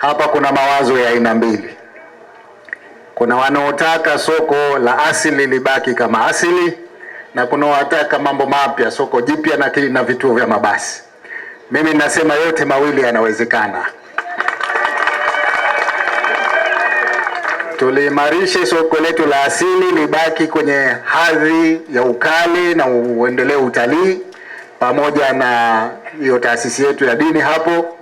Hapa kuna mawazo ya aina mbili. Kuna wanaotaka soko la asili libaki kama asili, na kuna wanaotaka mambo mapya, soko jipya na na vituo vya mabasi. Mimi nasema yote mawili yanawezekana. Tuliimarishe soko letu la asili libaki kwenye hadhi ya ukale na uendelee utalii, pamoja na hiyo taasisi yetu ya dini hapo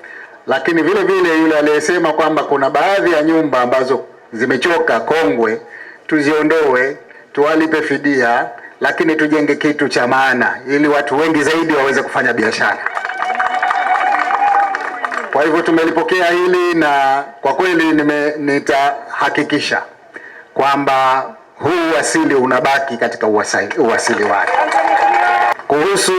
lakini vile vile yule aliyesema kwamba kuna baadhi ya nyumba ambazo zimechoka kongwe, tuziondoe, tuwalipe fidia, lakini tujenge kitu cha maana ili watu wengi zaidi waweze kufanya biashara. Kwa hivyo tumelipokea hili na kwa kweli nime, nitahakikisha kwamba huu uasili unabaki katika uwasili wake. Kuhusu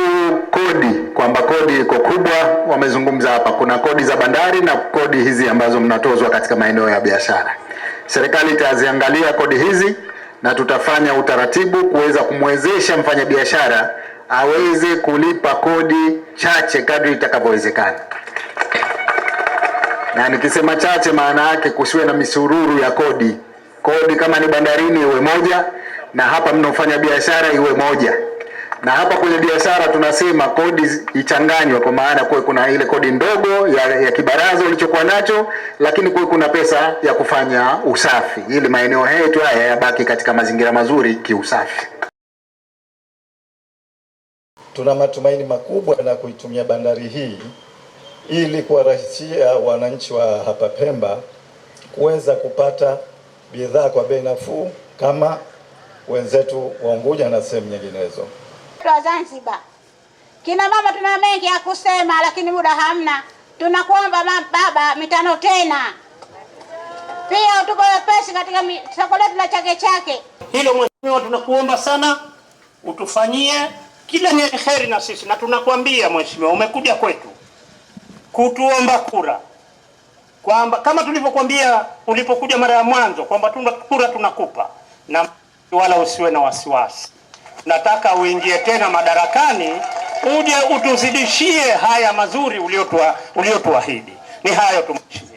kodi kwamba kodi iko kubwa, wamezungumza hapa, kuna kodi za bandari na kodi hizi ambazo mnatozwa katika maeneo ya biashara. Serikali itaziangalia kodi hizi na tutafanya utaratibu kuweza kumwezesha mfanyabiashara aweze kulipa kodi chache kadri itakavyowezekana. Na nikisema chache, maana yake kusiwe na misururu ya kodi. Kodi kama ni bandarini iwe moja, na hapa mnaofanya biashara iwe moja na hapa kwenye biashara tunasema kodi ichanganywe, kwa maana kuwe kuna ile kodi ndogo ya, ya kibaraza ulichokuwa nacho, lakini kuwe kuna pesa ya kufanya usafi ili maeneo yetu haya yabaki katika mazingira mazuri kiusafi. Tuna matumaini makubwa na kuitumia bandari hii ili kuwarahisishia wananchi wa hapa Pemba kuweza kupata bidhaa kwa bei nafuu kama wenzetu wa Unguja na sehemu nyinginezo wa Zanzibar. Kina mama tuna mengi ya kusema, lakini muda hamna. Tunakuomba baba mitano tena, pia utuko wepesi katika soko letu la Chake Chake. Hilo mheshimiwa, tunakuomba sana utufanyie kila ni heri na sisi, na tunakwambia mheshimiwa, umekuja kwetu kutuomba kura kwamba kama tulivyokuambia ulipokuja mara ya mwanzo kwamba tuna kura tunakupa, na wala usiwe na wasiwasi nataka uingie tena madarakani uje utuzidishie haya mazuri uliotuahidi. Ni hayo tumshi